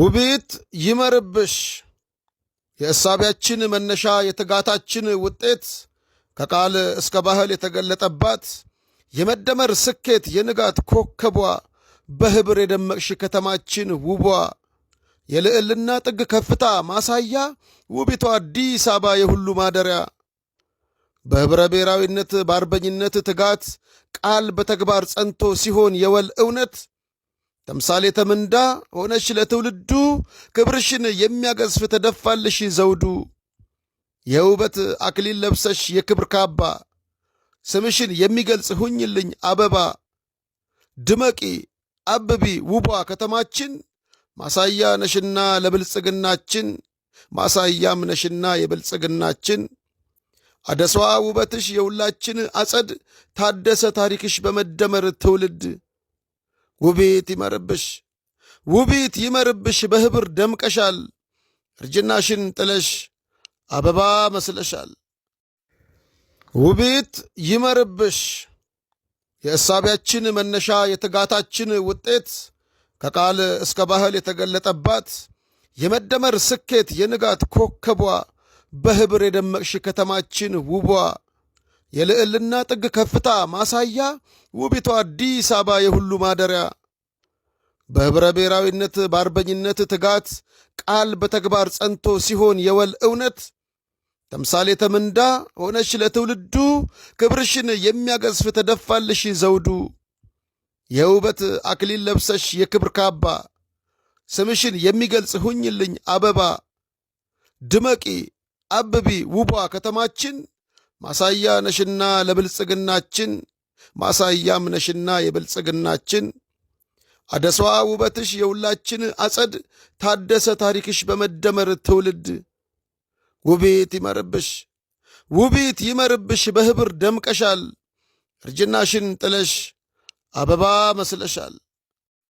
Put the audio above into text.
ውቢት ይመርብሽ የእሳቢያችን መነሻ የትጋታችን ውጤት ከቃል እስከ ባህል የተገለጠባት የመደመር ስኬት የንጋት ኮከቧ በህብር የደመቅሽ ከተማችን ውቧ የልዕልና ጥግ ከፍታ ማሳያ ውቢቷ አዲስ አበባ የሁሉ ማደሪያ በኅብረ ብሔራዊነት በአርበኝነት ትጋት ቃል በተግባር ጸንቶ ሲሆን የወል እውነት ተምሳሌተ ምንዳ ሆነሽ ለትውልዱ ክብርሽን የሚያገዝፍ ተደፋልሽ ዘውዱ የውበት አክሊል ለብሰሽ የክብር ካባ ስምሽን የሚገልጽ ሁኝልኝ አበባ ድመቂ አብቢ ውቧ ከተማችን ማሳያ ነሽና ለብልጽግናችን ማሳያም ነሽና የብልጽግናችን አደሷ ውበትሽ የሁላችን አጸድ ታደሰ ታሪክሽ በመደመር ትውልድ ውቤት ይመርብሽ፣ ውቤት ይመርብሽ፣ በህብር ደምቀሻል። እርጅናሽን ጥለሽ አበባ መስለሻል። ውቤት ይመርብሽ። የእሳቢያችን መነሻ የትጋታችን ውጤት ከቃል እስከ ባህል የተገለጠባት የመደመር ስኬት የንጋት ኮከቧ በህብር የደመቅሽ ከተማችን ውቧ የልዕልና ጥግ ከፍታ ማሳያ ውቢቷ አዲስ አበባ የሁሉ ማደሪያ በኅብረ ብሔራዊነት በአርበኝነት ትጋት ቃል በተግባር ጸንቶ ሲሆን የወል እውነት ተምሳሌ ተምንዳ ሆነሽ ለትውልዱ ክብርሽን የሚያገዝፍ ተደፋልሽ ዘውዱ የውበት አክሊል ለብሰሽ የክብር ካባ ስምሽን የሚገልጽ ሁኝልኝ አበባ ድመቂ አብቢ ውቧ ከተማችን ማሳያ ነሽና ለብልጽግናችን ማሳያም ነሽና የብልጽግናችን አደሷ ውበትሽ የሁላችን አጸድ ታደሰ ታሪክሽ በመደመር ትውልድ ውቤት ይመርብሽ ውቤት ይመርብሽ በህብር ደምቀሻል እርጅናሽን ጥለሽ አበባ መስለሻል።